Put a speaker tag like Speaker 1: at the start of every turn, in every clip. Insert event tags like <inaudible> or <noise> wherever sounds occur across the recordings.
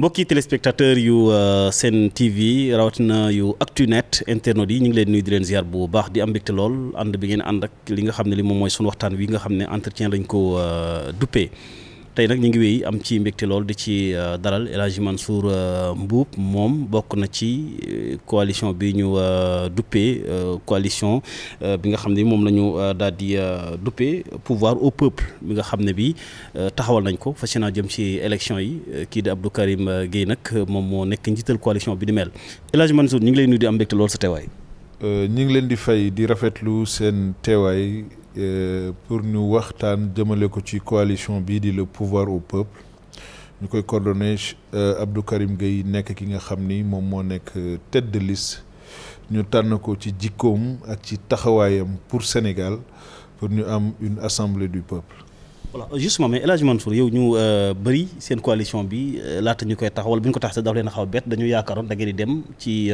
Speaker 1: mbokki téléspectateur yu euh, seen TV rawatina yu actunet internet yi ñu ngi leen nuyu di leen ziar bu baax di am mbégte lool ànd bi ngeen ànd ak li nga xam ne li moom mooy sunu waxtaan wi nga xam ne entretien lañ ko euh, duppee. tey nag ñu ngi wéy am ci mbégte lool di ci euh, dalal El Hadj Mansour euh, Mboup moom bokk na ci euh, coalition bi ñu duppee coalition bi nga xam ne moom la ñu daal di duppee pouvoir au peuple bi nga xam ne bi taxawal nañ ko fas yéene jëm ci élection yi kii di Abdou Karim Guèye nag moom moo nekk njiital coalition bi di mel El Hadj Mansour ñu ngi lay nuyu di am mbégte lool sa teewaay. ñu ngi leen di fay di rafetlu seen teewaay. Euh, pour ñu
Speaker 2: waxtaan jëmale ko ci coalition bii di le pouvoir au peuple ñu koy coordonné euh, Abdou Karim Gueye nekk ki nga xam ni moom moo nekk euh, tête de ñu tànn ko ci jikkoom ak ci taxawaayam pour Sénégal pour ñu am une assemblée du peuple.
Speaker 1: voilà justement mais El Hadj Mansour yow ñu bëri seen coalition bi laata ñu koy taxawal bu ñu ko tax sax daf leen a xaw bett dañu yaakaaroon da ngeen di dem ci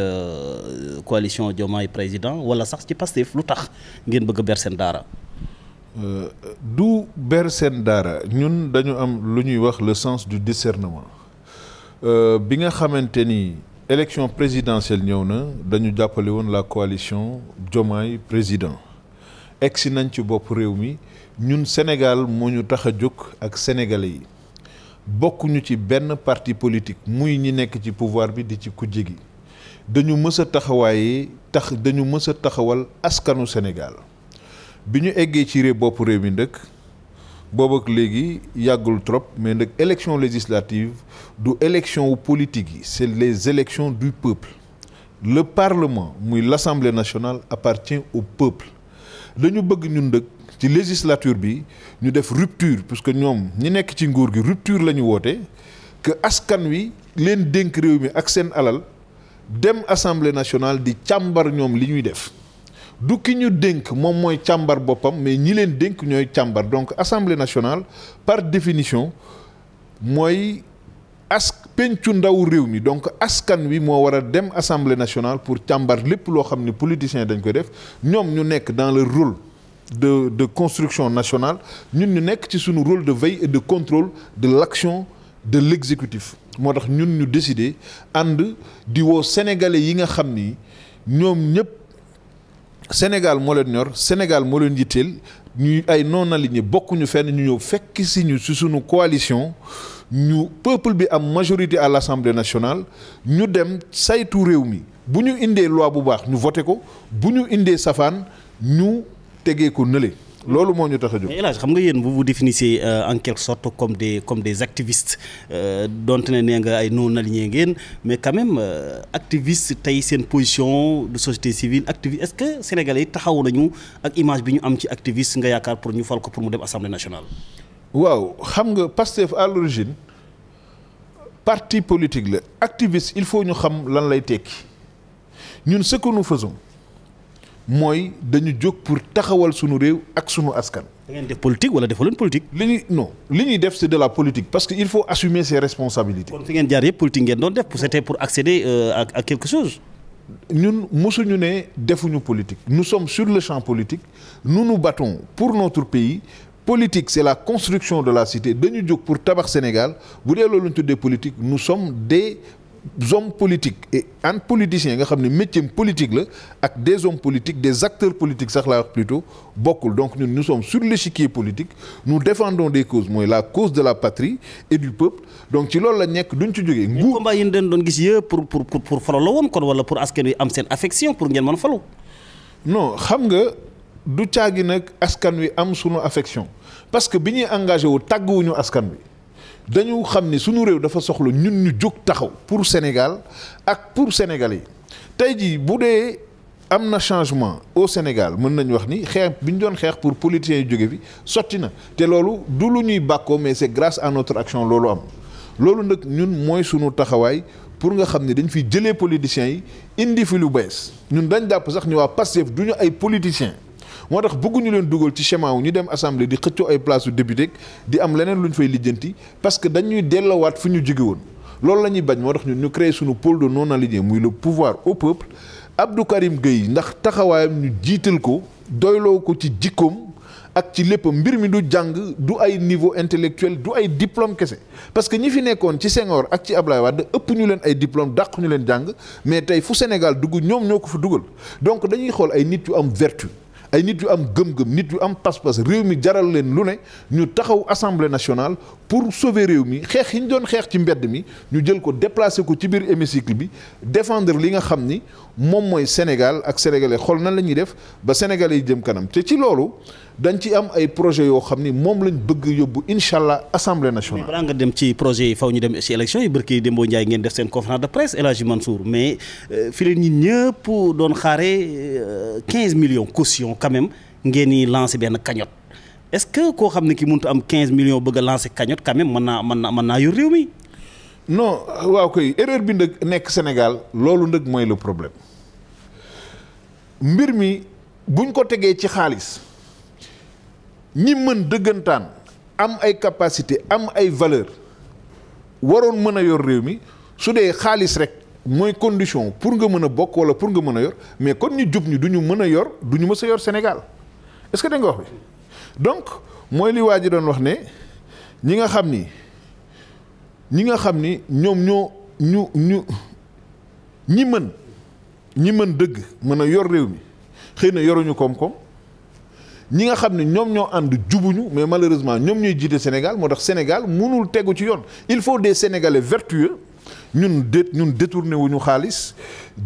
Speaker 1: coalition Diomaye président wala sax ci Pastef lu tax ngeen bëgg a ber seen daara.
Speaker 2: du ber seen daara ñun dañu am lu ñuy wax le sens du discernement euh, bi nga xamante ni élection présidentielle ñëw na dañu jàppale woon la coalition Diomaye président egsi nañ ci bopp réew mi ñun Sénégal moo ñu tax a jóg ak sénégalais yi bokkuñu ci benn parti politique muy ñi nekk ci pouvoir bi di ci kujje gi dañu mës a taxawaaye tax dañu mës a taxawal askanu Sénégal bi ñu eggee ci réew bopp réew mi ndëkk boobu léegi yàggul trop mais nag élection législative du élection wu politique yi c'est les élections du peuple le parlement muy l'assemblée nationale appartient au peuple dañu bëgg ñun ndëkk ci législature bi ñu def rupture que ñoom ñi nekk ci nguur gi rupture la ñu woote que askan wi leen dénk réew mi ak seen alal dem assemblée nationale di càmbar ñoom li ñuy def du ki ñu dénk moom mooy càmbar boppam mais ñi leen dénk ñooy càmbar donc assemblée nationale par définition mooy as pencu ndaw réew mi donc askan wi moo war a dem assemblée nationale pour càmbar lépp loo xam ne politiciens dañ koy def ñoom ñu nekk dans le rôle de de construction nationale ñun ñu nekk ci suñu rôle de veille et de contrôle de l'action de l'exécutif moo tax ñun ñu décider ànd di woo sénégalais yi nga xam ni ñoom ñëpp. Sénégal moo leen ñor Sénégal moo leen ñuy ay non aligné bokkuñu fenn ñu ñëw fekk si ñu si suñu coalition ñu peuple bi am majorité à l'Assemblée nationale ñu dem saytu réew mi bu ñu indee loi bu baax ñu voté ko
Speaker 1: bu ñu indee safaan ñu tegee ko nële. loolu moo ñu tax a jóg. mais El xam nga yéen bu vous définissez euh, en quelque sorte comme des comme des activistes euh, donte ne nee nga ay non alignés ngeen mais quand même euh, activiste tey seen position de société civile activiste est-ce que sénégalais yi taxaw nañu ak image bi ñu am ci activiste nga yaakaar pour ñu fal ko pour mu dem assemblée nationale. waaw xam nga Pastef à l'origine parti
Speaker 2: politique la activiste il faut ñu xam lan lay tekki ñun ce que mooy dañu jóg pour taxawal sunu réew ak sunu askan. da ngeen def politique wala defaluñ politique. li ñuy non li ñuy def c'est de la politique parce que il faut assumer ses responsabilités. kon fi ngeen jaar
Speaker 1: yëpp politique ngeen doon def pour c'était pour accéder euh, à quelque chose.
Speaker 2: ñun mosuñu ne defuñu politique nous sommes sur le champ politique nu nu baton pour notre pays politique c'est la construction de la cité dañu jóg pour tabax Sénégal bu dee loolu ñu tuddee politique nous sommes des. hommes politique et entre politiciens nga xam ne métier politique la ak des hommes politique des acteurs politique sax laa wax plutôt bokkul donc ñun nous sommes sur l'échiquier politique nous défendons des causes mooy la cause de la patrie et du peuple donc ci loolu la nekk duñ ci jógee.
Speaker 1: nguur combat yi ngeen doon gis yëpp pour pour pour falo la woon kon wala pour askan wi am seen affection pour ngeen mën falo non xam nga du caagi nag askan wi am sunu affection
Speaker 2: parce que bi ñuy engagé wu tàgguwuñu askan wi. dañu xam ni suñu réew dafa soxla ñun ñu jóg taxaw pour Sénégal ak pour Sénégalais tey jii bu dee am na changement au Sénégal mën nañu wax ni xeex bi ñu doon xeex pour politiciens yu jóge fi sotti na te loolu du lu ñuy bàkkoo mais c'est grâce à notre action loolu am loolu nag ñun mooy suñu taxawaay pour nga xam ne dañ fi jëlee politiciens yi indi fi lu bees ñun dañ jàpp sax ni waa Pastef du ñu ay politiciens. moo tax bëgguñu leen dugal ci schéma wu ñu dem assemblée di xëccoo ay place su di am leneen lu ñu fay lijjanti parce que dañuy delloowaat fu ñu jóge woon loolu la ñuy bañ moo tax ñun ñu créé suñu pôle de non aligné muy le pouvoir au peuple Abdou Karim Gueye ndax taxawaayam ñu jiital ko doyloo ko ci jikkoom ak ci lépp mbir mi du jàng du ay niveau intellectuel du ay diplôme kese parce que ñi fi nekkoon ci Senghor ak ci Ablaye Wade ëpp ñu leen ay diplôme dàq ñu leen jàng mais tey fu Sénégal dugg ñoom ñoo ko fa dugal donc dañuy xool ay nit yu am vertu ay nit yu am gëm-gëm nit yu am pas-pas réew mi jaral leen lu ne ñu taxaw assemblée nationale pour sauver réew mi xeex yi ñu doon xeex ci mbedd mi ñu jël ko déplacé ko ci biir hémicycle bi défendre li nga xam ni moom mooy Sénégal ak sénégalais xol nan la ñuy def ba sénégalais yi jëm kanam te ci loolu dañ ci am ay projet yoo xam ni
Speaker 1: moom lañ bëgg yóbbu incha allah assemblée nationale. mais nga dem ci projet yi faw ñu dem ci élection yi barki Dembo Ndiaye ngeen def seen conférence de presse El Hadji Mansour mais euh, fi leen ñi ñëpp doon xaare 15 euh, millions caution quand même ngeen di lancé benn cagnotte. est-ce que koo xam ne ki mënut am 15 millions bëgg a lancer cagnotte quand même mën naa mën naa mën naa yor réew mi. non waaw koy erreur bi ndëg nekk Sénégal loolu ndëg mooy la problème
Speaker 2: mbir mi buñ ko tegee ci xaalis ñi mën dëggantaan am ay capacité am ay valeur waroon mën a yor réew mi su dee xaalis rek mooy condition pour nga mën a bokk walla pour nga mën a yor mais kon ñu jub ñi du ñu mën a yor du ñu mës a yor Sénégal est-ce que da nga bi donc mooy li waa ji doon wax ne ñi nga xam ni ñi nga xam ni ñoom ñoo ñu ñu ñi mën ñi mën dëgg mën a yor réew mi xëy na yoruñu koom-koom ñi nga xam ne ñoom ñoo ànd jubuñu mais malheureusement ñoom ñooy jiite Sénégal moo tax Sénégal mënul tegu ci yoon il faut des Sénégalais vertueux ñun dé ñun détourné wuñu xaalis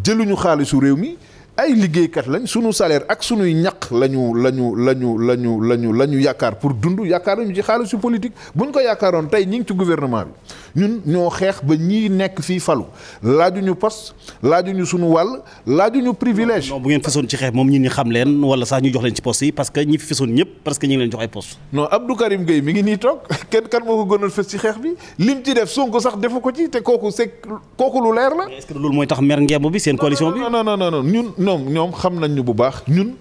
Speaker 2: jëluñu xaalisu réew mi ay liggéeykat lañ sunu salaire ak sunuy ñaq lañu lañu lañu lañu lañu la ñu yaakaar pour dund yaakaaruñu ci xaalisu politique ñu ko yaakaaroon tey ñi ngi ci gouvernement bi ñun ñoo xeex ba ñii
Speaker 1: nekk fii falu laajuñu poste laajuñu sunu wàll laajuñu privilège. non bu ngeen fasoon ci xeex moom ñun ñu xam leen wala sax ñu jox leen ci poste yi parce que ñi fi fasoon ñëpp parce que ñu ngi
Speaker 2: xeex bi lim ci def Sonko sax defu ko ci te kooku c'est kooku lu leer la. loolu mooy tax mer ngemb bi seen coalition bi. non non non ñun ñoom ñoom xam nañ ñu bu baax ñun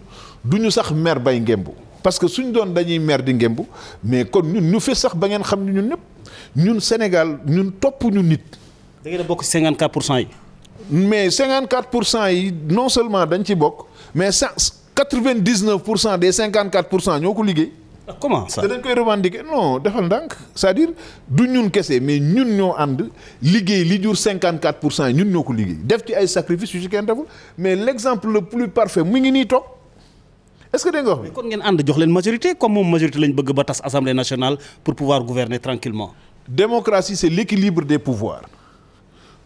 Speaker 2: duñu sax mer bay ngemb parce que suñ doon dañuy mer di ngemb mais kon ñun ñu fës sax ba ngeen xam ni ñun ñëpp ñun Sénégal ñun toppuñu nit. da ngeen a bokk 54 pour cent yi. mais 54 pour cent yi non seulement dañ ci bokk mais cent 99 pour cent des 54 pour cent ñoo ko liggéey. Ah, comment ça te dañ koy defal ndànk cest dire du ñun kese mais ñun ñoo ànd liggéey li jur 54 pour cent ñun ñoo ko liggéey def ci ay sacrifices yu ci kenn deful mais l'exemple le plus parfait
Speaker 1: mu ngi nii toog est-ce que dégg nga wax. mais kon ngeen ànd jox leen majorité comme moom démocratie c'est l'équilibre des pouvoirs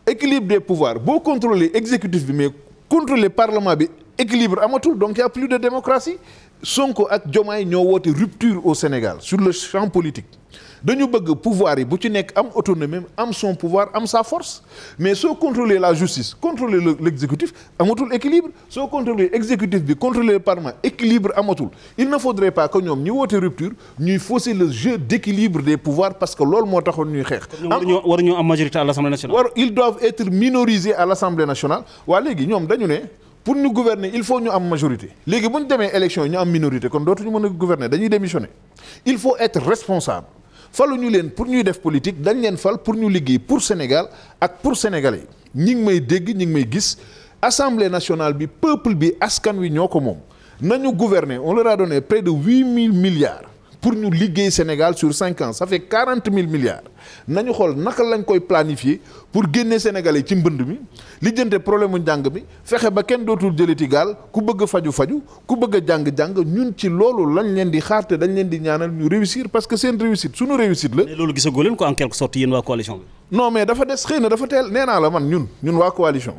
Speaker 2: équilibre des pouvoirs boo contrôler exécutif bi mais contrôler parlement bi équilibre amatul donc y plus de démocratie Sonko ak Diomaye ñoo woote rupture au Sénégal sur le champ politique dañu bëgg pouvoir yi bu ci nekk am autonomie am son pouvoir am sa force mais soo contrôler la justice contrôler l'exécutif amatul équilibre soo contrôler exécutif bi contrôler le parlement équilibre amatul il ne faudrait pas que ñoom ñi woote rupture ñuy fausser le jeu d'équilibre des pouvoirs parce que loolu moo taxoon ñuy xeex.
Speaker 1: war ñoo am majorité à l'Assemblée nationale. war
Speaker 2: ils doivent être léegi ñoom dañu ne. pour ñu gouverner il faut ñu am majorité léegi bu ñu demee élection yi ñu am minorité kon dootuñu mën a gouverner dañuy démissionner il faut être responsable falu ñu leen pour ñuy def politique dañ leen fal pour ñu liggéey pour Sénégal ak pour sénégalais ñi ngi may dégg ñi ngi may gis assemblée nationale bi peuple bi askan wi ñoo ko moom nañu gouverner on leur a donné près de huit mille milliards. pour ñu liggéey Sénégal sur cinq ans ça fait quarante mille milliards nañu xool naka lañ koy planifier pour génnee Sénégalais ci mbënd mi lijjante problème mu njàng bi fexe ba kenn dootul jëlati gaal ku bëgg faju faju ku bëgg a jàng jàng ñun ci loolu lañ leen di xaar te dañ leen di ñaanal ñu réussir parce que seen réussite suñu réussite la. mais loolu gisagoo leen ko en quelque sorte yéen waa coalition bi. non mais dafa des xëy na dafa teel nee la man ñun ñun waa coalition.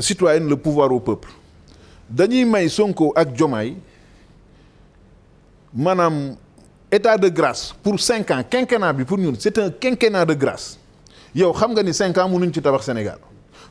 Speaker 2: citoyenne le pouvoir au peuple dañuy may Sonko ak Jomaay maanaam état de grâce pour cinquant ans bi pour ñun c'est un quinquennat de grâce yow xam nga ni cinq ans mënuñ ci tabax Sénégal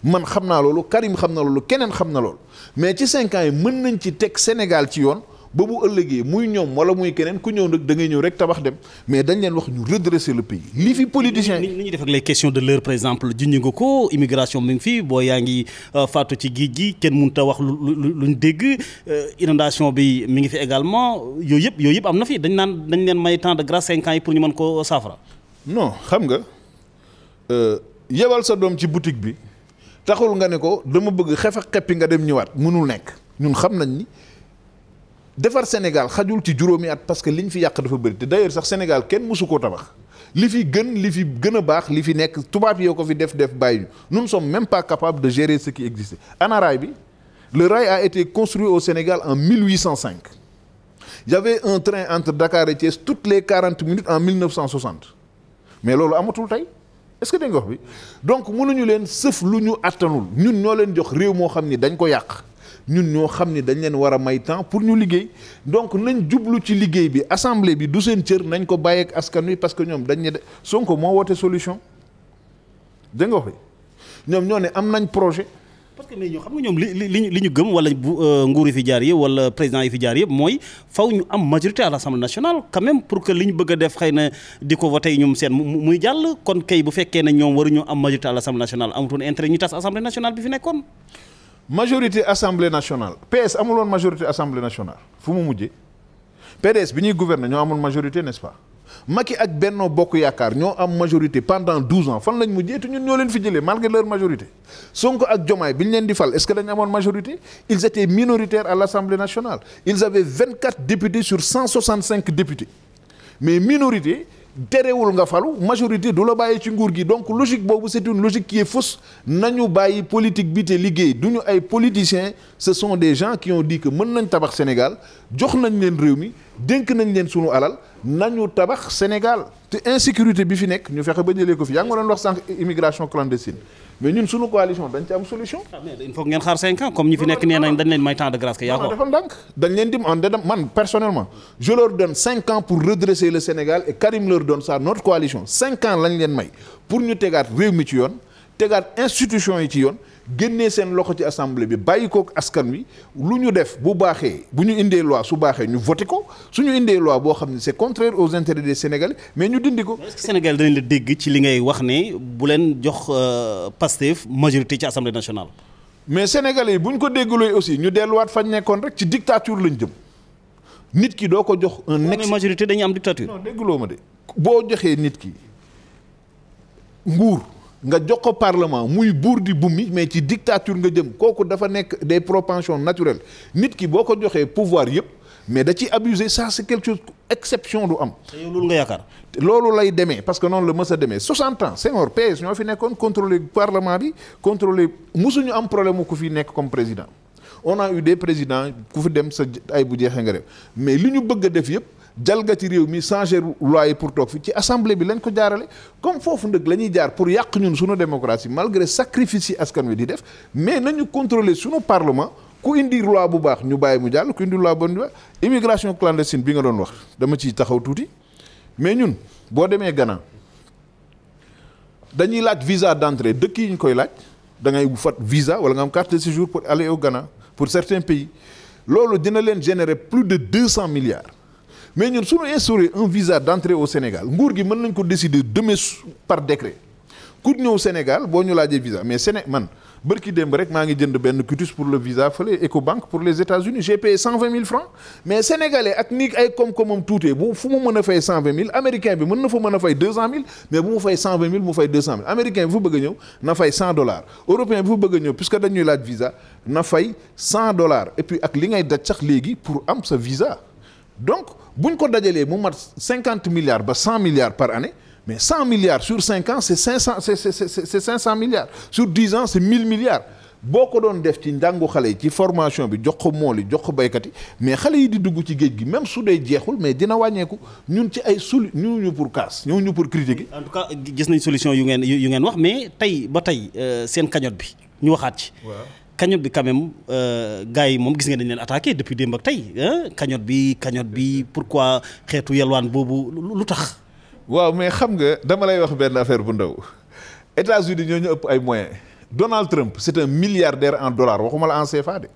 Speaker 2: man xam naa loolu Karim xam na loolu keneen xam na loolu mais ci cinq yi mën nañ ci teg Sénégal ci yoon ba bu ëllëgee muy ñoom wala muy keneen ku ñëw nag da ngay ñëw rek
Speaker 1: tabax dem mais dañ leen wax ñu redresser le pays li fi politiciens yi. ni ñuy def ak les questions de l'heure par exemple junj nga ko immigration bi ngi fi boo yaa ngi euh, faatu ci géej gi kenn mënut a wax lu luñ dégg euh, inondation bi mi ngi fi également yooyu yëpp yooyu yëpp am na fii dañ naan dañ leen may temps de grâce cinq ans yi pour ñu mën koo saafara.
Speaker 2: non xam nga euh, yebal sa doom ci boutique bi taxul nga ne ko dama bëgg xef ak xeppi nga dem ñëwaat mënul nekk ñun xam nañ ni. defar Sénégal xajul ci juróomi at parce que liñ fi yàq dafa bëri te d'ailleurs sax Sénégal kenn mësu koo tabax li fi gën li fi gën a baax li fi nekk tubaab yoo ko fi def def bàyyi ñu nous ne sommes même pas capables de gérer ce qui existait ana bi le rail à été construit au Sénégal en 1805 il y avait un train entre Dakar et Thiès les 40 minutes en 1960 mais loolu amatul tey est-ce que dégg bi donc mënuñu leen sëf lu ñu attanul ñun ñoo leen jox réew moo xam ni dañ ko yàq ñun ñoo xam ni dañ leen war may temps pour ñu liggéey donc nañ jublu ci liggéey bi assemblée bi du seen cër nañ ko bàyyeek askan wi parce que ñoom dañ ne Sonko moo woote solution dégg nga wax ñoom ñoo am nañ projet.
Speaker 1: parce que mais ñoo xam ñoom li li li ñu gëm wala bu euh, nguur yi fi jaar yëpp wala président yi fi jaar yëpp mooy faw ñu am majorité à l'Assemblée nationale quand même pour que li ñu bëgg a def xëy na di ko voté ñoom seen muy jàll kon kay bu fekkee ne ñoom waruñoo am majorité à l'Assemblée nationale amatoon intérêt ñu tas Assemblée nationale bi fi majorité assemblée nationale
Speaker 2: PS amuloon majorité assemblée nationale fu mu mujjee PDS bi ñuy gouverner ñoo amoon majorité n'est-ce pas Macky ak Benno Bokk Yaakaar ñoo am majorité pandant douze ans fan lañ mujjee te ñun ñoo leen fi jëlee malgré leur majorité Sonko ak Diomaye bi ñu leen di fal est-ce que dañu amoon majorité ils étaient minoritaires à l'Assemblée nationale ils avaient vingt-quatre députés sur cent soixante-cinq députés mais minorité terewul nga falu majorité du la bàyyi ci nguur gi donc logique boobu c'est une logique qui est fausse nañu bàyyi politique bi te liggéey du ñu ay politiciens ce sont des gens qui ont dit que mën nañ tabax Sénégal jox nañ leen réew mi dénk nañ leen sunu alal nañu tabax Sénégal te insécurité bi fi nekk ñu fexe ba jëlee ko fi yaa ngi ma doon wax sànq immigration clandestine mais ñun suñu coalition dañ ci am solution. Ah,
Speaker 1: mais il faut ngeen xaar 5 ans comme ñi fi nekk nee nañ dañ leen may temps de grâce. que yaa ko dafa
Speaker 2: ndànk dañ leen di en dedem man personnellement je leur donne ans pour redresser le Sénégal et Karim leur donne notre coalition 5 ans lañ leen may pour ñu tegaat réew mi ci yoon tegaat institution yi ci yoon. génnee seen loxo ci assemblée bi bàyyi ko askan wi lu ñu def bu baaxee bu ñu indee loi su baaxee ñu voti ko su ñu indee loi boo xam ne c'est contraire aux
Speaker 1: intérêts de Sénégalais mais ñu dindi ko. Sénégal dañu la dégg ci li ngay wax ne bu leen jox euh, Pastef majorité ci assemblée nationale.
Speaker 2: mais Sénégalais yi bu ñu ko déggaloo aussi ñu delluwaat fa nekkoon rek ci dictature lañ jëm nit ki doo ko jox. un ex majorité dañuy am dictature. non dégguloo ma de boo joxee nit ki nguur. nga jox ko parlement muy buur di bummi mais ci dictature nga jëm kooku dafa nekk de propensions naturelles nit ki boo ko joxee pouvoir yëpp mais da ciy abuser ça c'est quelque chose exception du am. te yow loolu nga yaakaar. loolu lay demee parce que noonu la mës a demee 60 ans Senghor PS ñoo fi nekkoon contrôler parlement bi contrôler mosuñu am problème mu ku fi nekk comme président on a eu des présidents ku fi dem sa ay bu jeexee nga dem mais li ñu bëgg a def yëpp. jalgati réew mi changer loi yi pour toog fi ci assemblée bi lañ ko jaarale comme foofu ndëg la ñuy jaar pour yàq ñun sunu démocratie malgré sacrifice yi askan wi di def mais nañu contrôler sunu parlement ku indi loi bu baax ñu bàyyi mu jàll ku indi loi bu baax immigration clandestine bi nga doon wax dama ciy taxaw tuuti mais ñun boo demee gana dañuy laaj visa d'entrée dëkk yi ñu koy laaj da ngay fat visa wala nga am carte de séjour pour aller au Ghana pour certains pays loolu dina leen générer plus de cent milliards. mais ñun suñu instauré un visa d'entrée au Sénégal nguur gi mën nañ ko décider demain par décret ku ñëw Sénégal boo ñu laajee visa mais Séné man bërki démb rek maa ngi jënd benn cutus pour le visa fële Ecobank pour les États-Unis j'ai payé cent vingt mille francs mais sénégalais ak nii ay koom-koomam tuutee bu fu mu mën a fay cent vingt mille américain bi mën na fa mën a fay deux cent mille mais bu mu fay cent vingt mille mu fay deux cent mille américain bi fu bëgg a ñëw na fay cent européen bi fu bëgg a ñëw puisque dañuy laaj visa na fay cent dollars et puis ak li ngay daj sax léegi pour am sa visa donc bu ko dajalee mu mat cinquante milliards ba cent milliards par année mais cent milliards sur cinq ans c'est cinq cent c'est c'est cinq cent milliards sur dix ans c'est mille milliards boo ko doon def ci njàngu xale yi ci formation bi jox ko mool yi jox ko baykat yi mais xale yi di dugg ci géej gi même su dee jeexul mais dina wàññeeku ñun ci ay
Speaker 1: solu ñëw ñu pour kaas ñëw ñu pour critiquer. en tout cas gis nañ solution yu ngeen yu ngeen wax mais tey ba tey euh, seen cagnotte bi ñu waxaat ci. cagnotte bi quand même euh, yi moom gis nga dañ leen attaqué depuis démb ak tey cagnotte bi cagnotte bi pour pourquoi xeetu yelwaan boobu lu tax. waaw mais xam nga dama lay wax benn affaire bu ndaw États-Unis ñoo ñu
Speaker 2: ëpp ay moyens Donald Trump c'est un milliardaire en dollars waxuma la en CFA de.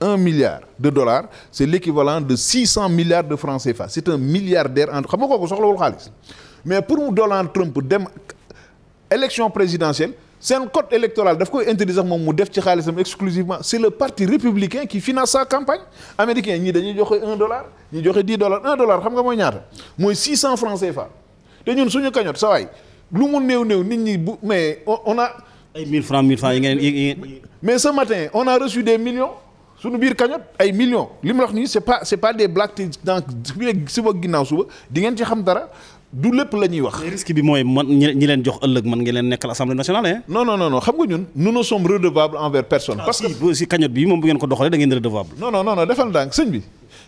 Speaker 2: un milliard de dollars c'est l'équivalent de six cent milliards de francs CFA c'est un milliardaire en xam nga kooku soxlawul xaalis mais pour mu Donald Trump dem élection présidentielle. seen code électoral daf koy interdit sax moom mu def ci xaalisam exclusivement c'est le parti républicain qui finance sa campagne américain ñii dañuy joxe un dollar ñi joxe dix dollars un dollar xam nga mooy ñaata mooy six cent francs CFA te ñun suñu kañot sa lu mu néew néew nit ñi bu mais on a. ay mille francs mille francs yi ngeen yi mais ce matin on a reçu des millions suñu biir kañot ay millions li mu wax nii c'est pas c'est pas des blagues dans suba ginnaaw suba di ngeen ci
Speaker 1: xam dara. du lépp la ñuy wax. risque bi mooy man ñi leen jox ëllëg man ngi leen nekkal assemblée nationale hein. no non non xam nga ñun nous ne sommes redevables envers personne. Ah, parce bi moom bu ngeen ko doxalee da ngeen
Speaker 2: defal ndànk sëñ bi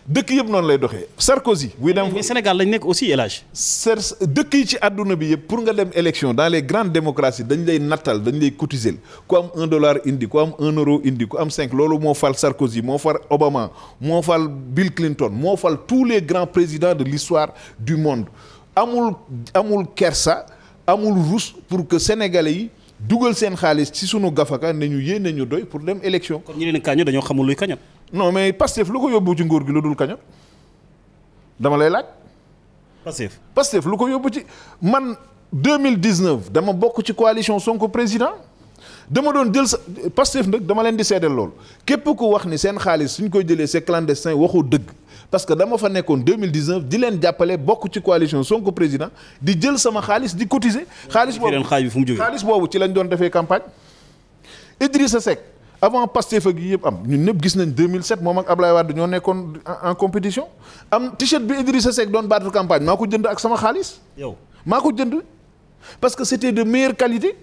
Speaker 2: dëkk yëpp noonu lay doxee. Sarkozy buy dem Sénégal lañ nekk aussi élage. ser dëkk yi ci àdduna bi yëpp pour nga dem élection dans les grandes démocraties dañ lay nattal dañ lay cotiser ku am un dollar indi ku am un euro moo fal Sarkozy moo fal Obama moo fal Bill Clinton fal tous les grands présidents de l'histoire du amul amul kersa amul rus pour que sénégalais yi dugal seen xaalis ci sunu gafaka ne ñu yéen ñu doy pour dem élection. kon ñu leen kañu dañoo xamul luy kañat. non mais Pastef lu ko yóbbu ci nguur gi lu dul kañat dama lay laaj. Pastef Pastef lu ko yóbbu ci man 2019 dama bokk ci coalition ko président. dama doon jël sa Pastef nag dama leen di seedeel loolu képp ko wax ni seen xaalis suñ koy jëlee c'est clandestin waxu dëgg parce que dama fa nekkoon 2019 di leen jàppale bokk ci coalition Sonko président di jël sama xaalis di cotiser. xaalis boobu xaalis boobu ci lañ doon defee campagne. Idrissa Seck avant Pastef ak yi yëpp am ñun ñëpp gis nañ 2007 moom ak Ablaye Wade ñoo nekkoon en compétition am t-shirt bi Idrissa Seck doon battre campagne maa ko jënd ak sama xaalis. yow maa ko jënd parce que c'était de meilleure qualité.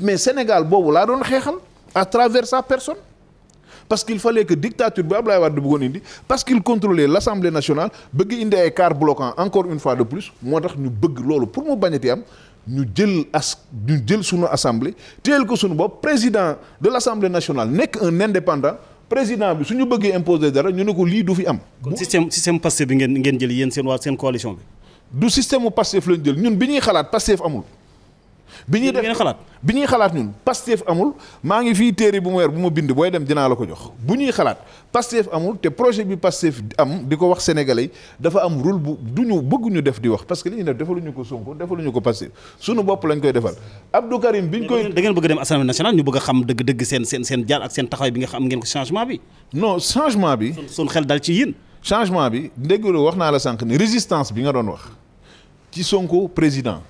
Speaker 2: mais Sénégal boobu laa doon xeexal à travers sa personne parce qu'il fallait que dictature bi Ablaye Wade bëggoon indi parce qu'il contrôlait l'Assemblée nationale bëgg indi ay car bloquant encore une fois de plus moo tax ñu bëgg loolu pour mu bañati am ñu jël as ñu jël sunu assemblée téyel ko sunu bopp président de l'Assemblée nationale nekk un indépendant président bi su
Speaker 1: ñu bëggee imposer dara ñu ne ko lii du fi am. système système Pastef bi ngeen ngeen jël yéen seen waa seen coalition bi. bi ñuy xalaat Pastef amul. bi ñuy def xalaat bi
Speaker 2: ñuy xalaat ñun Pastef amul maa ngi fii téere bu ma yor bu ma bind booy dem dinaa la ko jox bu ñuy xalaat Pastef amul te projet bi Pastef am di ko wax sénégalais dafa am rôle bu du ñu bëgg ñu def di wax parce que li
Speaker 1: ñuy def defaluñu ko Sonko defaluñu
Speaker 2: ko Pastef suñu bopp lañ koy defal Abdou Karim
Speaker 1: biñ koy da ngeen bëgg dem assemblée nationale ñu bëgg a xam dëgg-dëgg seen seen seen jaar ak seen taxawaay bi nga xam ngeen ko changement bi no changement bi sun xel dal ci yéen changement bi ndéggaloo wax naa la sànq ni résistance bi nga doon
Speaker 2: wax ci Sonko président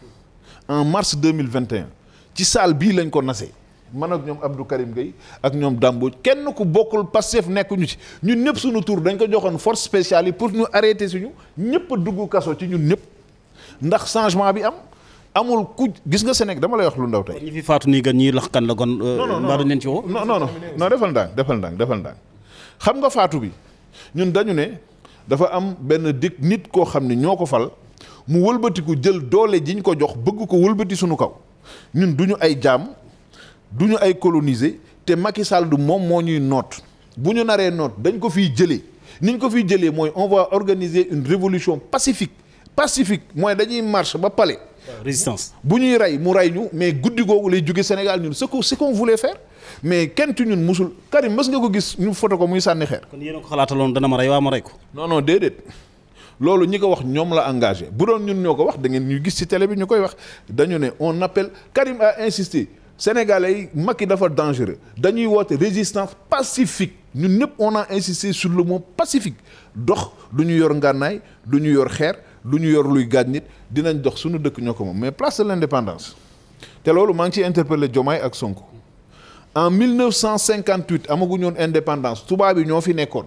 Speaker 2: en mars 2021 ci salle bii lañ ko nasee man ak ñoom Abdou Karim Gueye ak ñoom Dambo kenn ku bokkul Pastef nekkuñu ci ñun ñëpp suñu tour dañ ko joxoon force spéciale yi pour ñu arrêté suñu ñëpp a dugg kaso ci ñun ñëpp ndax changement bi am amul ku gis nga Sénégal dama lay wax lu ndaw tey. ñi fi faatu nii gan ñi lax kan la kon. non non euh, mbaa dañ leen ci woo. non non defal ndànk defal ndànk defal ndànk xam nga faatu bi ñun dañu ne dafa am benn dig nit koo xam ne ñoo ko fal. mu wëlbatiku jël doole ji ñu ko jox bëgg ko wëlbati suñu kaw ñun du ñu ay jaam du ñu ay colonisé te Macky Sall du moom moo ñuy noot bu ñu naree noot dañ ko fiy jëlee ni ko fiy jëlee mooy on va organiser une révolution pacifique pacifique mooy dañuy marche ba palais. résistance bu ñuy rey mu rey ñu mais guddi googu lay jóge Sénégal ñun ce que ce qu'on voulait faire mais kenn tu ñun musul Karim mës nga ko gis ñu foto ko muy sànni xeer.
Speaker 1: kon yéen ko xalaataloon dana ma rey waa ko. loolu ñi ko wax ñoom la engagé
Speaker 2: bu doon ñun ñoo ko wax da ngeen ñu gis ci télé bi ñu koy wax dañu ne on appelle Karim a insisté Sénégalais yi Macky dafa dangereux dañuy woote résistance pacifique ñun ñëpp on a insisté sur le mot pacifique dox du ñu yor ngànnaay du ñu yor xeer du ñu yor luy gaañ nit dinañ dox sunu dëkk ñoo ko moom mais place de l'indépendance te loolu maa ngi ciy interpellé Diomaye ak Sonko en 1958 amaguñu woon indépendance tubaab yi ñoo fi nekkoon.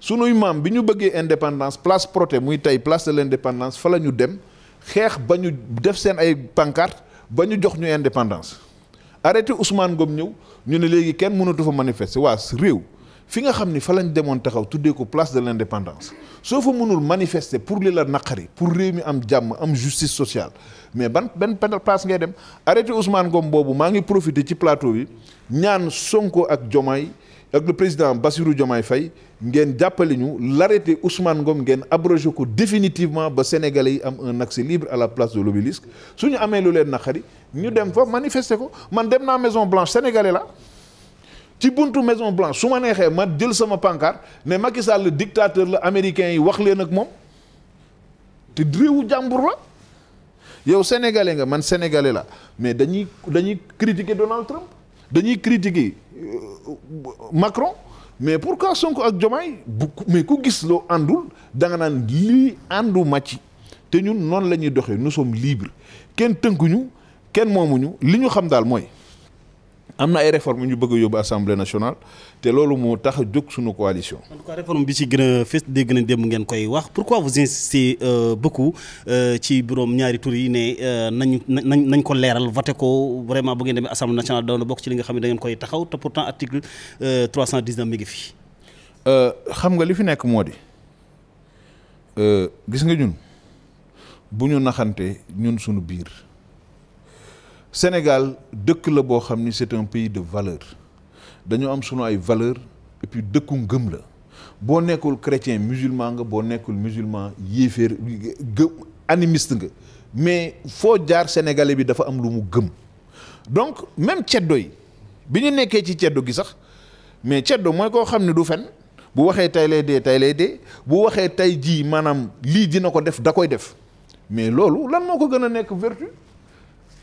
Speaker 2: sunuy maam bi ñu bëggee indépendance place Protet muy tey place de l'indépendance fa la ñu dem xeex ba ñu def seen ay pancarte ba ñu jox ñu indépendance arrêté Ousmane Ngom ñëw ñu ne léegi kenn mënatu fa manifester waa réew fi nga xam ni fa lañ demoon taxaw tuddee ko place de l'indépendance soo fa munul manifester pour li la naqari pour réew mi am jàmm am justice sociale mais ban benn place ngay dem arrêté Ousmane Ngom boobu maa ngi profité ci plateau bi ñaan Sonko ak Diomaye ak le président Bassirou Diomaye Faye ngeen jàppale ñu l'arrêté Ousmane Ngom ngeen approché ko définitivement ba sénégalais yi am un accès libre à la place de l'obélisque su ñu amee lu leen naqari ñu dem foofu manifester ko man dem naa Maison Blanche sénégalais la ci buntu Maison Blanche su ma neexee ma jël sama pancarte ne Macky Sall le dictateur la américain yi wax leen ak moom te réewu jàmbur la yow sénégalais nga man sénégalais la mais dañuy dañuy critiquer Donald Trump dañuy critiquer euh, Macron mais pourquoi Sonko ak Diomaye bu mais ku gis loo àndul da nga naan lii àndu màcc te ñun noonu la ñuy doxee nous sommes libres kenn tënkuñu kenn moomuñu li ñu xam daal mooy. am na ay réformes yu ñu bëgg a yóbbu assemblée nationale te loolu moo tax a jóg suñu coalition.
Speaker 1: en tout bi ci gën a fës dégg na démb ngeen koy wax pour pourquoi vous insistez euh, beaucoup euh, ci borom ñaari tur yi ne euh, nañu nañ nañ ko leeral voté ko vraiment bu ngeen demee assemblée nationale doon na bokk ci li nga xam ne da ngeen koy taxaw te pourtant article 319 mi ngi fi.
Speaker 2: xam nga li fi nekk moo di gis nga ñun bu ñu naxante ñun sunu biir. Sénégal dëkk la boo xam ni c'est un pays de valeur dañoo am sunu ay valeur et dëkku ngëm la boo nekkul chrétien musulman nga boo nekkul musulman yéeféer gëm animiste nga mais foo jaar sénégalais bi dafa am lu mu gëm donc même ceddo yi bi ñu nekkee ci ceddo gi sax mais ceddo mooy koo xam ne du fen bu waxee tey lay dee tey lay dee bu waxee tey jii maanaam lii dina ko def da koy def mais loolu lan moo ko gën a nekk vertu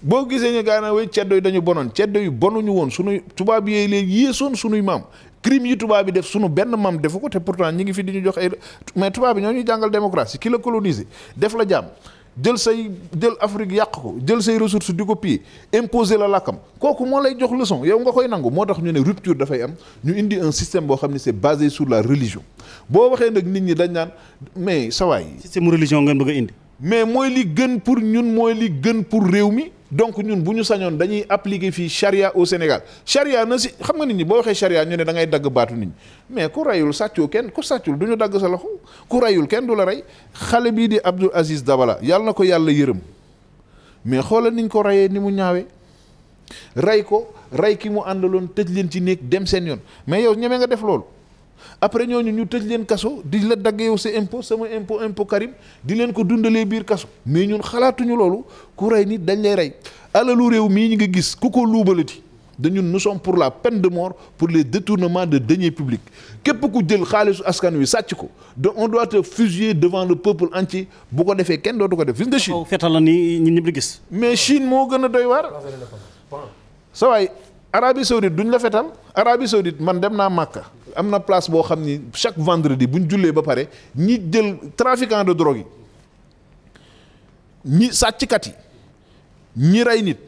Speaker 2: boo gisee ñu gaa na way ceddo yi dañu bonoon ceddo yu bonuñu woon sunuy tubaab yee leen yéesoon sunuy maam crime yi tubaab yi def suñu benn maam defu ko te pourtant ñi ngi fi di ñu jox ay mais tubaab yi ñoo ñuy jàngal démocratie ki la colonisé def la jàmm jël say jël Afrique yàq ko jël say ressources di ko piller imposer la làkkam kooku moo lay jox leçon yow nga koy nangu moo tax ñu ne rupture dafay am ñu indi un système boo xam ne c'est basé sur la religion boo waxee nag nit ñi dañ naan mais sawaay système religion ngeen bëgg a indi mais mooy li gën pour ñun mooy li gën pour réew mi donc ñun bu ñu sañoon dañuy appliquer fii charia au Sénégal charia na si xam nga nit ñi boo waxee charia ñu ne da ngay dagg baatu nit ñi mais ku rayul sàccoo kenn ku sàccul du ñu dagg sa loxo ku rayul kenn du la rey xale bii di Abdoul Aziz Dabala yàlla na ko yàlla yërëm mais xoolal niñ ko rayee ni mu ñaawee ray ko ray ki mu àndaloon tëj leen ci néeg dem seen yoon mais yow ñemee nga def loolu. après ñooñu ñu tëj leen kaso di la dagg yow sa impôt sama impôt impôt Karim di leen ko dundalee biir kaso mais ñun xalaatuñu loolu ku rey nit dañ lay rey alalu réew mii ñu ngi gis ku ko luubalati dañun nous sommes pour la peine de mort pour les détournements de deniers publics képp ku jël xaalisu askan wi sàcc ko do on doit te fusiller devant le peuple entier bu ko defee kenn dootu ko def gis nga Chine fetal la ni ñun ñëpp di gis mais Chine moo gën a doy waar sa Arabie Saoudite duñ la fetal Arabie Saoudite man dem naa màkk am na place boo xam ni chaque vendredi buñ jullee ba pare ñi jël trafiquant de drogue yi ñi sàcckat yi ñi rey nit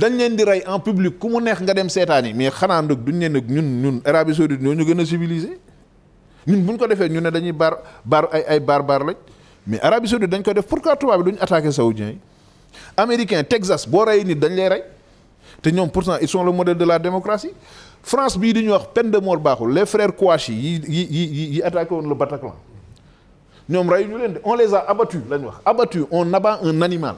Speaker 2: dañ leen di rey en public ku mu neex nga dem seetaan yi mais xanaa nag duñ ne nag ñun ñun Arabie Saoudite ñoo ñu gën a civilisé ñun buñ ko defee ñu ne dañuy bar bar ay ay baar lañ mais Arabie Saoudite dañ ko def pourquoi tubaab bi duñ attaque saoudien yi américain Texas boo rey nit dañ lay rey. te ñoom pourtant ils sont le modèle de la démocratie France bii di ñu wax peine de mort baaxul les frères Kouachi yi yi yi yi attaqué woon le Bataclan ñoom rey ñu leen de on les a abattus la ñu wax abattu on abat un animal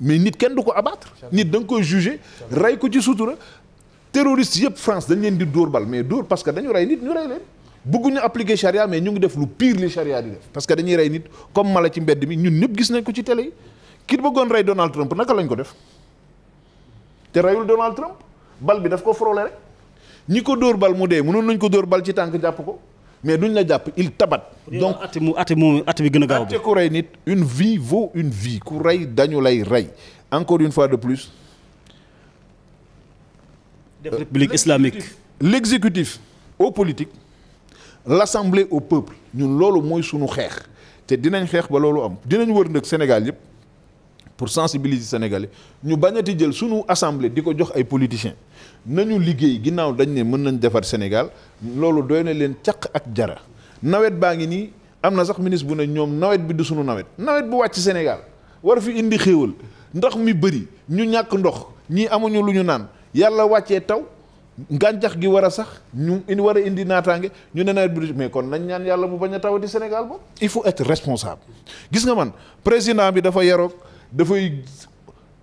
Speaker 2: mais nit kenn du ko abattre nit da nga koy juger rey ko ci sutura terroristes yëpp France dañ leen di dóor bal mais dóor parce que dañu rey nit ñu rey leen bëgguñu appliquer charia mais ñu ngi def lu pire li charia di def parce que dañuy rey nit comme mala ci mbedd mi ñun ñëpp gis nañ ko ci télé yi ki bëggoon rey Donald Trump naka lañ ko def te reyul Donald Trump bal bi daf ko frôlé rek ñi ko dóor bal mu dee mënoon nañ ko dóor bal ci tànk jàpp ko mais duñ la jàpp il tabat. donc at mu at mu at bi gën a gaaw ku rey nit une vie vaut une vie ku rey dañu lay rey encore une fois de plus. def république islamique. Euh, l'exécutif aux politiques l'assemblée au peuple ñun loolu mooy suñu xeex te dinañ xeex ba loolu am dinañ wër ndëkk Sénégal yëpp. pour sensibiliser Sénégalais ñu bañati jël sunu assemblée di ko jox ay politiciens nañu liggéey ginnaaw dañu ne mën nañ defar Sénégal loolu doy na leen caq ak jara nawet baa ngi nii am na sax ministre bu ne ñoom nawet bi du sunu nawet nawet bu wàcc Sénégal war a fi indi xéewal ndox mi bëri ñu ñàkk ndox ñii amuñu lu ñu naan yàlla wàccee taw gàncax gi war a sax ñu indi war a indi naataange ñu ne nawet bi mais kon nañ ñaan yàlla mu bañ a tawati Sénégal ba il faut être responsable gis nga man président bi dafay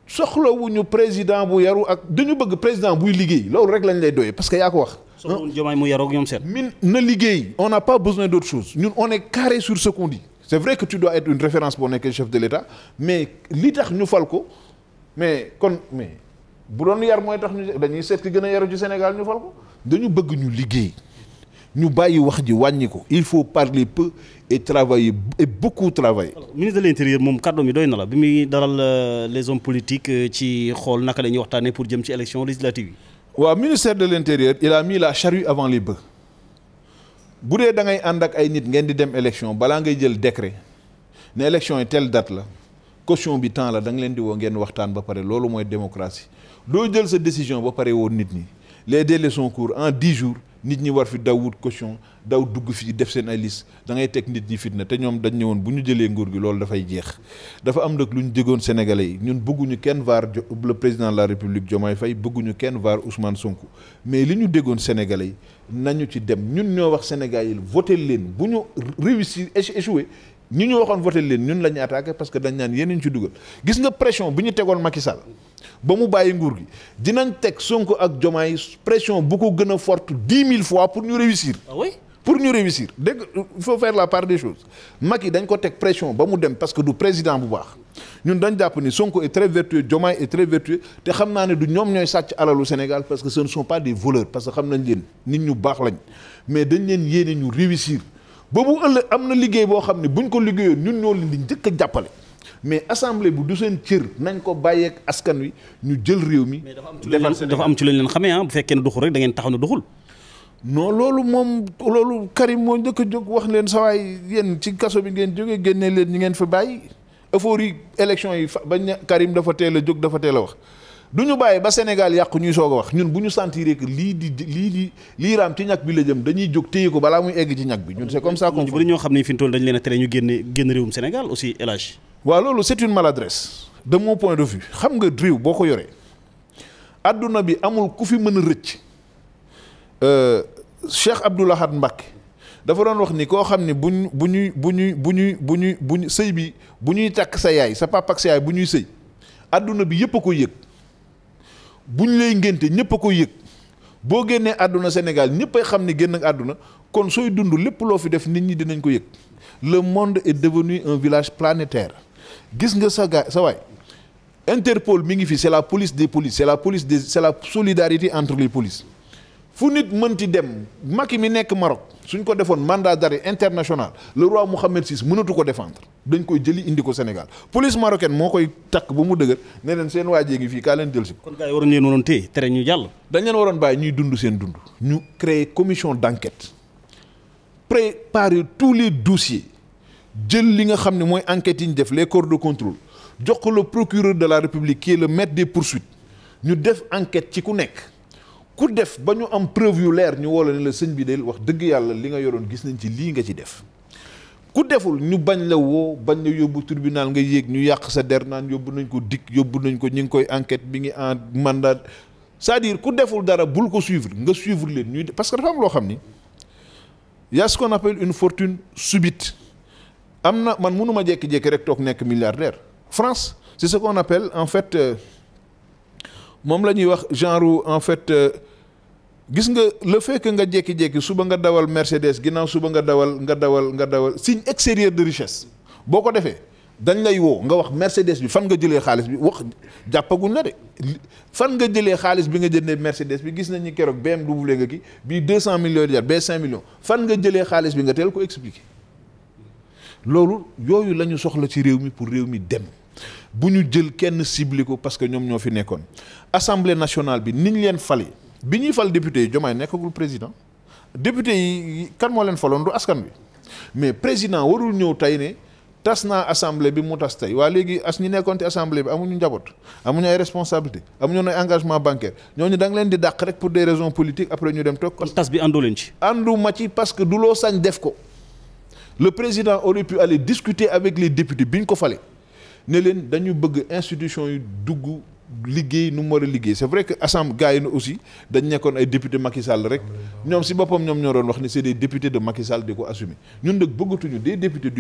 Speaker 2: soxlawuñu président bu yaru ak dañu bëgg président buy liggéey loolu rek lañ lay doyee parce que yaa ko wax.
Speaker 1: soxlawuñu jomaay mu yaru ak ñoom seen. min na
Speaker 2: liggéey on n'a pas besoin d'autre chose ñun on est carré sur ce qu'on dit c'est vrai que tu dois être une référence boo nekkee chef de l'État mais li tax ñu fal ko mais kon mais bu doon yar mooy tax ñu dañuy seet ki gën a yaru ci Sénégal ñu fal ko dañu bëgg ñu liggéey. ñu bàyyi wax ji wàññi ko il faut parler peu et travailler et beaucoup travailler. Alors,
Speaker 1: ministre de l'intérieur moom kàddoom yi doy na la bi muy dalal euh, les hommes politiques euh, ci xool naka la ñuy waxtaanee pour jëm ci élection législative yi. waaw ministère de l'intérieur la charrue avant les bu
Speaker 2: dee da ngay ànd ak ay nit ngeen di dem élection balaa ngay jël décret ne élection yi telle date la caution bi temps la da nga leen di woo ngeen waxtaan ba pare loolu mooy démocratie doo jël sa décision ba pare woon nit ñi les délais sont courts en dix jours. nit ñi war fi daw wut caution daw dugg fii def seen ay liste da ngay teg nit ñi fitna te ñoom dañu ñëwoon bu ñu jëlee nguur gi loolu dafay jeex dafa am nag lu ñu jégoon sénégalais yi ñun bëgguñu kenn vaar le président de la république Diomaye fay bëgguñu kenn vaar Ousmane Sonko mais li ñu déggoon sénégale yi nañu ci dem ñun ñoo wax sénégalais yi voté leen bu ñu réussir échoué ñu ñu waxoon voté leen ñun la ñu attaqué parce que dañ naan yeneen ci dugal gis nga pression bi ñu tegoon Macky Sall ba mu bàyyi nguur gi dinañ teg Sonko ak Jomaay pression bu ko gën a forte dix mille fois pour ñu réussir. Ah pour ñu réussir dégg il faut faire la part des choses Macky dañ ko teg pression ba mu dem parce que du président bu baax ñun dañ jàpp ni Sonko est très vertueux Diomaye est très vertueux te xam naa ne du ñoom ñooy sàcc alalu Sénégal parce que ce ne sont pas des parce que xam nañ leen nit ñu baax lañ mais dañ leen yéene ñu réussir. ba bu ëllëg am na liggéey boo xam ne buñ ko liggéeyoon ñun ñoo leen di njëkk a jàppale
Speaker 1: mais assemblée bu du seen cër nañ ko bàyyeek askan wi ñu jël réew mi. dafa am ci lu leen xamee ah bu fekkee ne duxul rek da ngeen taxaw ne duxul. non loolu moom loolu
Speaker 2: Karim moo njëkk a jóg wax leen sawaay yéen ci kaso bi ngeen jógee génnee leen ñi ngeen fi bàyyi effort yi élection yi fa bañ Karim dafa teel a jóg dafa teel a wax. du ñu bàyyi ba Sénégal yàqu ñuy soog wax ñun bu ñu sentir que lii di lii di lii raam ci ñag bi la jëm dañuy jóg téye ko balaa muy
Speaker 1: egg ci ñag bi ñun se comme ça qu'on bari ñoo xam ne fi ñu toll dañ leen a tere ñu génn génn réewum Sénégal aussi élage waaw loolu c'est une maladresse de mon point de vue xam nga réew boo ko yoree adduna
Speaker 2: bi amul ku fi mën a rëcc euh, Cheikh Abdou Lahad Mbacké dafa doon wax ni koo xam ni bu ñu bu ñuy bu ñuy bu ñuy bu ñuy bu sëy bi bu ñuy takk sa yaay sa papa ak sa yaay bu ñuy sëy adduna bi yëpp ko koy yëg bu ñu lay ngénte ñëpp a koy yëg boo génnee àdduna Sénégal ñëpp ay xam ni génn ak àdduna kon sooy dund lépp loo fi def nit ñi dinañ ko yëg le monde est devenu un village planétaire gis nga sa gaa sa waay Interpol mi ngi fi c'est la police des polices c'est la police des c'est la solidarité entre les polices fu nit mënti dem Macky mi nekk Maroc suñ ko defoon mandat d'arrêt international le roi Mohammed VI mënatu ko défendre dañ koy jëli indi ko Sénégal police marocaine moo koy takk ba mu dëgër ne leen seen waajee ngi fii kaa leen jël si kon
Speaker 1: gars yi waroon leen waroon téye
Speaker 2: tere ñu jàll. dañ leen waroon bàyyi ñuy dund seen dund. ñu créer commission d'enquête préparer tous les dossiers jël li nga xam ne mooy enquêtes yi ñu def les corps de contrôle jox ko le procureur la République qui est le maître des poursuites ñu def enquête ci ku nekk. ku def ba ñu am preuve yu leer ñu woo la ne la sëñ bi del wax dëgg yàlla li nga yoroon gis nañ ci lii nga ci def ku deful ñu bañ la woo bañ la yóbbu tribunal nga yéeg ñu yàq sa dernaan yóbbu nañ ko dikk yóbbu nañ ko ñu ngi koy enquête bi ngi en mandat c'est-à-dire ku deful dara bul ko suivre nga suivre leen ñuy parce que dafa loo xam ni y a ce qu'on une fortune subite am na man mënuma jékki-jékki rek toog nekk milliardaire France c'est ce qu'on en fait euh, moom la ñuy wax genre en fait. Euh, gis nga le fekk nga jékki-jékki suba nga dawal Mercedes ginnaaw suba nga dawal nga dawal nga dawal signe extérieur de richesse boo ko defee dañ lay woo nga wax Mercedes bi fan nga jëlee xaalis bi wax jàppaguñ la de fan nga jëlee xaalis bi nga jëndee Mercedes bi gis nañ ni keroog BMW nga kii bii deux cent millions di jar bee cinq millions fan nga jëlee xaalis bi nga teel ko expliquer loolu yooyu lañu soxla ci réew mi pour réew mi dem bu ñu jël kenn ciblé ko parce que ñoom ñoo fi nekkoon assemblée nationale bi niñ leen fale bi ñuy fal député yi Diomaye nekkagul président député yi kan moo leen faloon du askan bi mais président warul ñëw tey ne tas naa assemblée bi mu tas tey waa léegi as ñu nekkoon ci assemblée bi amuñu njaboot amuñu ay responsabilité amuñu ay engagement bancaire ñoo ñu danga leen di daq rek pour des raisons politiques après ñu dem toog. kon tas bi àndu leen ci. àndu ma ci parce que du loo sañ def ko le président aurait pu aller discuter avec les députés bi ñu ko fale ne leen dañu bëgg institution yu dugg. liggéey nu mu war a liggéey c'est vrai que assemblée gars yi aussi dañ nekkoon ay député Macky Sall rek ñoom si boppam ñoom ñoo doon wax ni c'est des députés de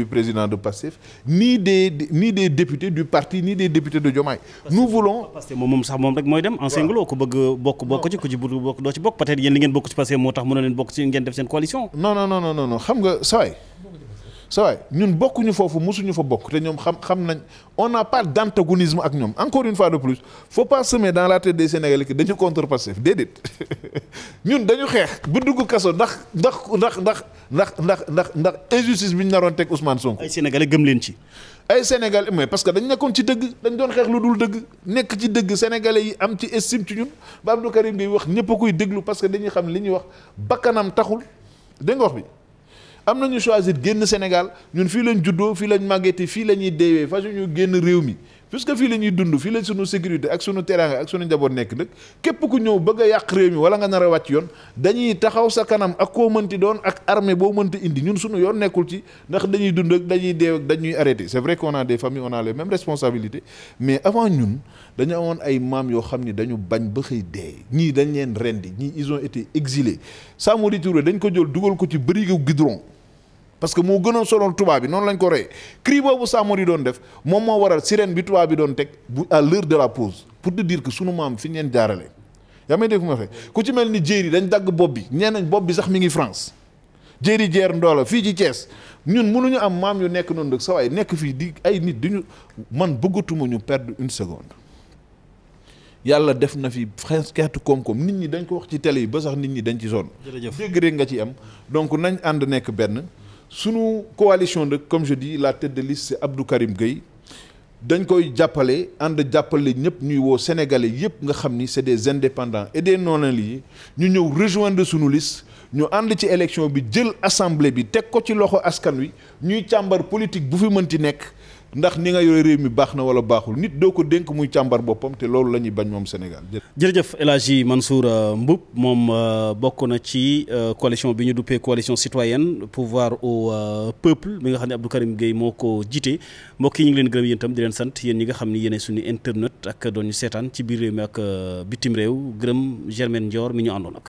Speaker 2: président de Pastef ni des ni des
Speaker 1: députés du parti ni des députés de Diomaye nous voulons moom sax moom rek mooy dem en singlo ku bëgg bokk bokk ci ku ci bëgg bokk doo ci bokk peut-être li ngeen bokk ci Pastef moo tax mën na leen bokk ci ngeen def seen coalition non non non non xam nga saway sa waay ñun bokkuñu foofu mosuñu fa bokk te ñoom xam xam nañ
Speaker 2: on n'a pas d'antagonisme ak ñoom encore une fois de plus faut pas semer dans la tête des Sénégalais que dañu contre Pastef déedéet <laughs> ñun dañu xeex bu dugg kaso ndax ndax ndax ndax ndax ndax ndax ndax injustice bi ñu naroon teg Ousmane Sonko. ay Sénégalais gëm leen ci. ay Sénégalais mais parce que dañ nekkoon ci dëgg dañ doon xeex lu dul dëgg nekk ci dëgg sénégalais yi am ci estime ci ñun ba Abdou Karim bi wax ñëpp koy déglu parce que dañuy xam li ñuy wax bakkanam taxul dégg bi. am nañu choisir génn Sénégal ñun fii lañ juddoo fii lañ màggeeti fii la ñuy deewee fas ñu génn réew mi puisque fii la ñuy dund fii la suñu sécurité ak suñu teraanga ak suñu njaboot nekk nag képp ku ñëw bëgg a yàq réew mi wala nga nar wàcc yoon dañuy taxaw sa kanam ak koo mënti doon ak armée boo mënti indi ñun suñu yoon nekkul ci ndax dañuy dund ak dañuy deew ak dañuy arrêté c'est vrai qu'on a des familles on a les mêmes mais avant ñun dañu amoon ay maam yoo xam ni dañu bañ ba xëy ñii dañ leen rendi ñii ils ont été exilés Samori Touré dañ ko jël dugal ko ci bërigo goudron parce que moo gënoon soloon tubaab bi noonu lañ ko reyee cri boobu sàmmoor yi doon def moom moo waral sirène bi tubaab bi doon teg bu à l'heure de la pause pour de dire que sunu maam fi ñu jaarale yaa may dégg fu ma ku ci mel ni jéeri dañ dagg bopp bi ñee nañ bopp bi sax mi ngi France jéeri jeer ndoola fii ci Thiès ñun mënuñu am maam yu nekk noonu rek sa nekk fii di ay nit di ñu man bëggatuma ñu perdre une seconde yàlla def na fi xeetu koom-koom nit ñi dañ ko wax ci télé yi ba sax nit ñi dañ ci zone jërëjëf dégg rek nga ci am donc nañ ànd nekk benn sunu coalition de comme je la tête de liste c'est Abdou dañ koy jàppale ànd jàppale ñëpp ñuy woo sénégalais yëpp nga xam ni c'est des indépendants et des non alignés ñu ñëw rejoindre sunu lis ñu ànd ci élection bi jël assemblée bi teg ko ci loxo askan wi ñuy càmbar politique bu fi mënti nekk. ndax ni nga yore réew mi baax na wala baaxul nit doo ko dénk muy càmbar boppam te loolu la ñuy bañ moom Sénégal.
Speaker 1: jërëjëf El Hadji Mansour euh, Mboup moom euh, bokk na ci euh, coalition bi ñu duppee coalition citoyenne pouvoir au peuple mi nga xam ne Abdou Karim Gueye moo ko jiite mbokk yi ñu ngi leen gërëm yéen itam di leen sant yéen ñi nga xam ni yéenay suñu internet ak doon ñu seetaan ci biir réew mi ak bitim réew gërëm Germaine Ndior mi ñu àndoon ak.